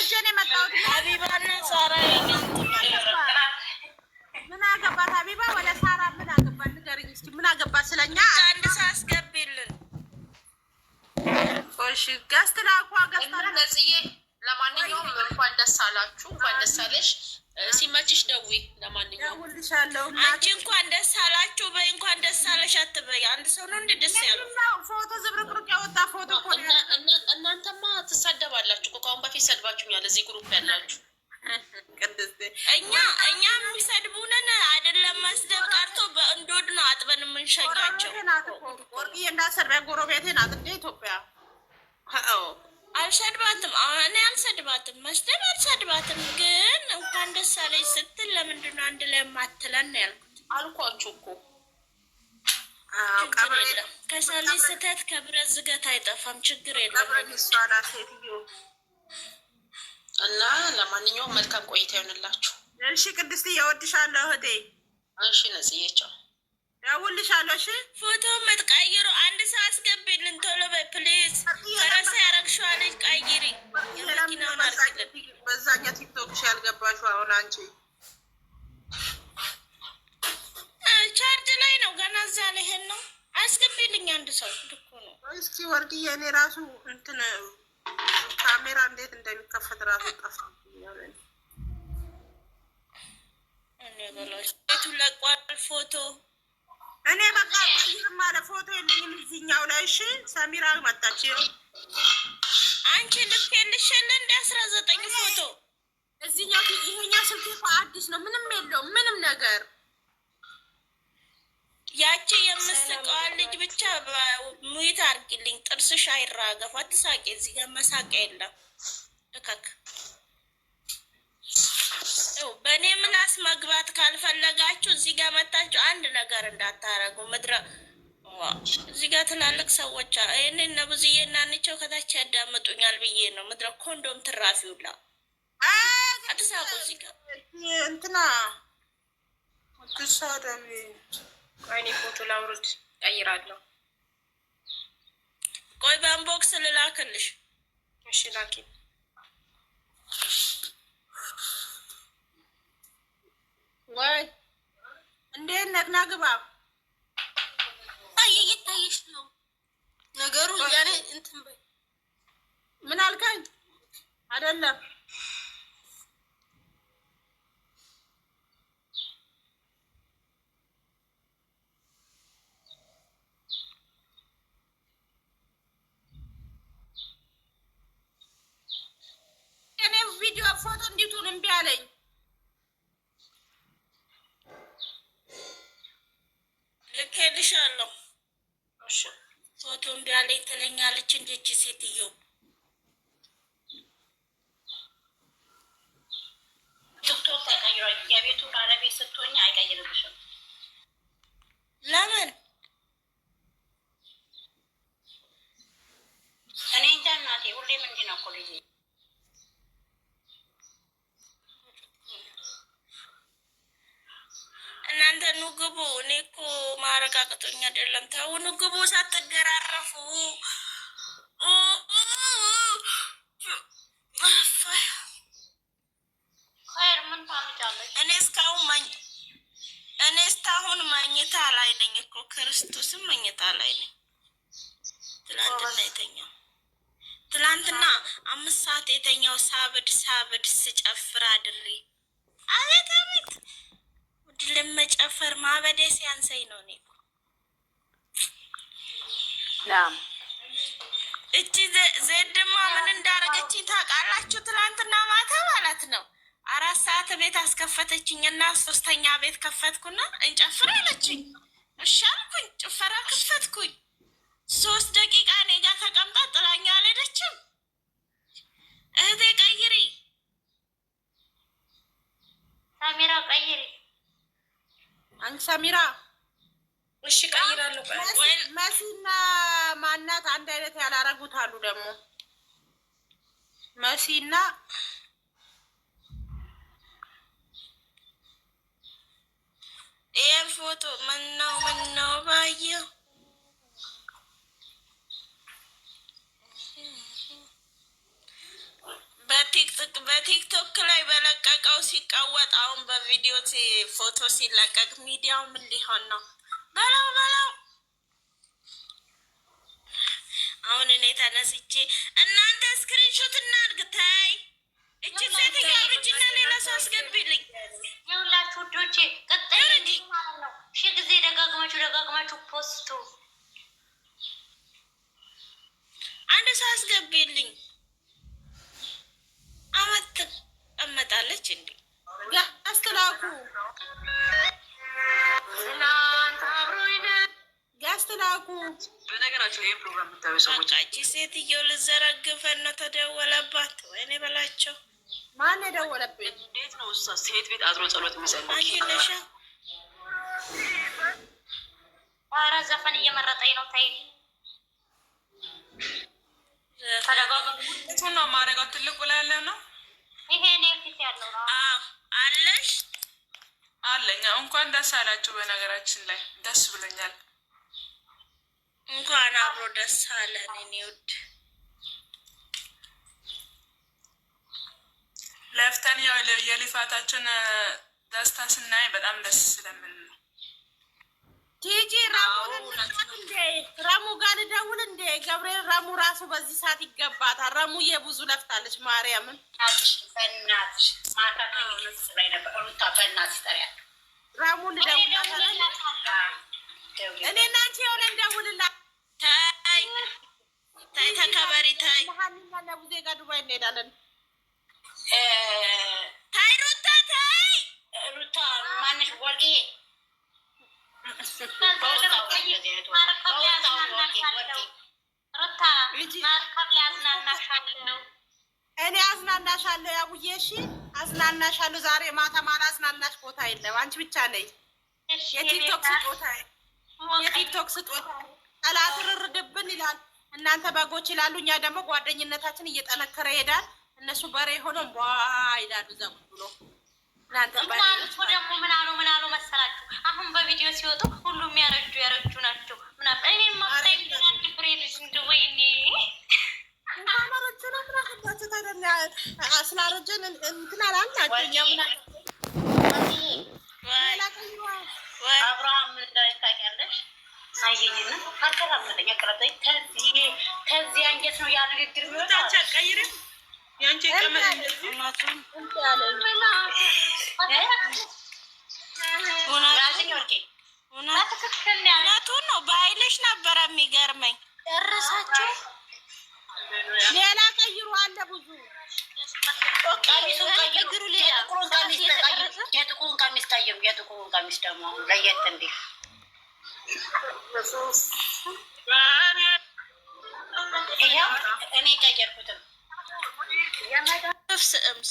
ሄጄ ነው የመጣሁት። ምን አገባት ሀቢባ ወደ ሳራ ምን አገባት ንገሪኝ እስኪ። ምን አገባት ስለኛ አንድ ሰው እሺ ገዝት ላኳ ገዝታ ለማንኛውም ደስ አላችሁ፣ እንኳን ደስ አለሽ። ሲመችሽ ደውዪ። ለማንኛውም አንቺ እንኳን ደስ አላችሁ በይ፣ እንኳን ደስ አለሽ አትበይ። አንድ ሰው ነው እንደ ደስ ያለው ፎቶ ዝብርቅርቅ ያወጣ ፎቶ። እናንተማ ትሳደባላችሁ። ከአሁን በፊት ሰድባችሁኛል፣ እዚህ ግሩፕ ያላችሁ እኛ እኛ የሚሰድቡንን አይደለም መስደብ ቀርቶ በእንዶድ ነው አጥበን የምንሸኛቸው። ወርቅዬ እንዳሰራ ጎረቤቴ ናት እንደ ኢትዮጵያ አልሰድባትም። እኔ አልሰድባትም፣ መስደብ አልሰድባትም። ግን እንኳን ደስ አለኝ ስትል ለምንድን ነው አንድ ላይ የማትለን ነው ያልኩት። አልኳችሁ እኮ ከሰሌ ስህተት ከብረት ዝገት አይጠፋም። ችግር የለም እና ለማንኛውም መልካም ቆይታ ይሆንላችሁ። እሺ ቅድስት እያወድሻለሁ እህቴ። እሺ ነጽዬ ደውልልሻለሁ። እሺ ፎቶ የምትቀይሩ አንድ ሰው አስገቢልን ቶሎ በይ ፕሊዝ። ፈረሳ ያረግሽዋ ቀይሪ። በዛኛ ቲክቶክሽ ያልገባሽው አሁን አንቺ ቻርጅ ላይ ነው ገና እዛ ላይ ይሄን ነው አስገቢልኝ። አንድ ሰው ልኩ ነው። እስኪ ወርድዬ እኔ ራሱ እንትን ካሜራ እንዴት እንደሚከፈት ራሱ ጠፋ ቤቱ ለቋል ፎቶ እኔ በቃ ይህ ማለ ፎቶ የለኝም እዚህኛው ላይ እሺ። ሰሚራ መጣች። አንቺ ልክ የለሽን እንደ አስራ ዘጠኝ ፎቶ እዚህኛው ይሄኛው ስልክ እኮ አዲስ ነው። ምንም የለውም ምንም ነገር ያቺ የምስቀዋን ልጅ ብቻ ሙይት አርግልኝ። ጥርስሽ አይራገፍ፣ አትሳቂ። እዚህ ጋር መሳቂያ የለም። እከክ በእኔ ምላስ መግባት ካልፈለጋችሁ እዚህ ጋር መታችሁ አንድ ነገር እንዳታረጉ። ምድረ እዚህ ጋር ትላልቅ ሰዎች ይህን እነ ብዙዬ እና ከታች ያዳምጡኛል ብዬ ነው። ምድረ ኮንዶም ትራፊውላ አትሳቁ። እዚህ ጋር እንትና ትሳደብ። ቆይ ፎቶ ላውሩት ቀይራለሁ። ቆይ በንቦክስ ልላክልሽ። እሺ ላኪ። ወይ እንዴት ነህ? ና ግባ። አይ እየታየሽ ነው ነገሩ። እንትን በይ። ምን አልከኝ? አይደለም እኔ ፎቶ እንዲቱን እምቢ አለኝ። እልሻለሁ። ፎቶ እንዳለኝ ትለኛለች። እንደች ሴትዮ ቲክቶክ አይቀይረኝ። የቤቱ ባለቤት ስትሆኝ አይቀይርልሽም። ማረግ አይደለም። ተውን ግቡ፣ ሳትገራረፉ እኔ እስካሁን ማኝ እኔ እስካሁን ማኝታ ላይ ነኝ እኮ ክርስቶስም ማኝታ ላይ ነኝ። ትላንትና የተኛው ትላንትና አምስት ሰዓት የተኛው ሳብድ ሳብድ ስጨፍር አድሬ አቤት አቤት ድልን መጨፈር ማበዴ ሲያንሰኝ ነው። እኔ እቺ ዜድማ ምን እንዳረገችኝ ታውቃላችሁ? ትናንትና ማታ ማለት ነው አራት ሰዓት ቤት አስከፈተችኝ እና ሶስተኛ ቤት ከፈትኩና እንጨፍር አለችኝ። እሺ አልኩኝ፣ ጭፈራ ከፈትኩኝ። ሶስት ደቂቃ እኔ ጋር ተቀምጣ ጥላኛ አልሄደችም። እህቴ ቀይሪ፣ ካሜራ ቀይሪ አንቺ ሳሚራ እሺ፣ ቀይራለሁ። መሲና ማናት አንድ አይነት ያላረጉት አሉ። ደግሞ መሲና ይሄን ፎቶ ምነው ምነው ባየው በቲክቶክ ላይ በለቀቀው ሲቀወጥ አሁን በቪዲዮ ፎቶ ሲለቀቅ ሚዲያው ምን ሊሆን ነው? በለው በለው። አሁን እኔ ተነስቼ እናንተ ስክሪንሾት እናድርግ። ታይ እች ሴት አብርጅና ሌላ ሰው አስገቢልኝ። የሁላችሁ ውዶቼ ቅጥል ማለት ነው። ጊዜ ደጋግማችሁ ደጋግማችሁ ፖስቱ አንድ ሰው አስገቢልኝ። አመት እመጣለች እንዴ ጋስተላኩ ጋስተላኩ። በነገራችሁ ይህ ፕሮግራም የምታዩ ሰዎች አቺ ሴትየው ልዘረግፈን ነው ተደወለባት። ወይኔ በላቸው። ማን ደወለብኝ? እንዴት ነው እሷ ሴት ቤት አድሮ ጸሎት የሚሰልሽ ኧረ ዘፈን እየመረጠኝ ነው። ታይ ትልቁ ላይ ያለው ነው። ይሄ እኔ ፊት ያለው ነው። አለሽ አለኛ። እንኳን ደስ አላችሁ። በነገራችን ላይ ደስ ብሎኛል። እንኳን አብሮ ደስ አለን። እኔ ውድ ለፍተን የልፋታችን ደስታ ስናይ በጣም ደስ ስለምን ቲጂ ረሙ ጋር ልደውል እንዴ? ገብርኤል ረሙ ራሱ በዚህ ሰዓት ይገባታል። ረሙ የብዙ ለፍታለች። ማርያምን ረሙ እኔ እናንቺ የሆነ እንደውልላት ተከበሪ ለቡዜ ጋር ዱባይ እንሄዳለን። ሩታ ታይ ሩታ ማነሽ ወርቅዬ እኔ አዝናናሻለሁ፣ ያቡዬ እሺ፣ አዝናናሻለሁ። ዛሬ ማታ ማን ቦታ የለም፣ አንቺ ብቻ ነኝ። የቲክቶክ ስጦታ የቲክቶክ ስጦታ ጠላት ርርድብን ይላል። እናንተ በጎች ይላሉ፣ እኛ ደግሞ ጓደኝነታችን እየጠነከረ ይሄዳል። እነሱ በሬ ሆኖ ቧ ይላሉ ዛ ብሎ እናንተ ደግሞ ምን አሉ ምን አሉ መሰላችሁ? አሁን በቪዲዮ ሲወጡ ሁሉም ያረጁ ያረጁ ናቸው ምናምን እኔን ማታይ አንድ ፍሬ ልጅ እንደወይ እኔ ስላረጀን እንትን አላልናቸው አብርሃም እንዳይታቂያለሽ አየኝና ከዚህ አንጀት ነው ያ ንግግር እውነቱን ነው። በኃይልሽ ነበረ የሚገርመኝ። ጨረሳችሁ? ሌላ ቀይሩ አለ ብዙ የጥቁሩን ቀሚስ ቀይሩ። የጥቁሩን ቀሚስ ደግሞ ለየት እንዲህ እኔ ቀየርኩትም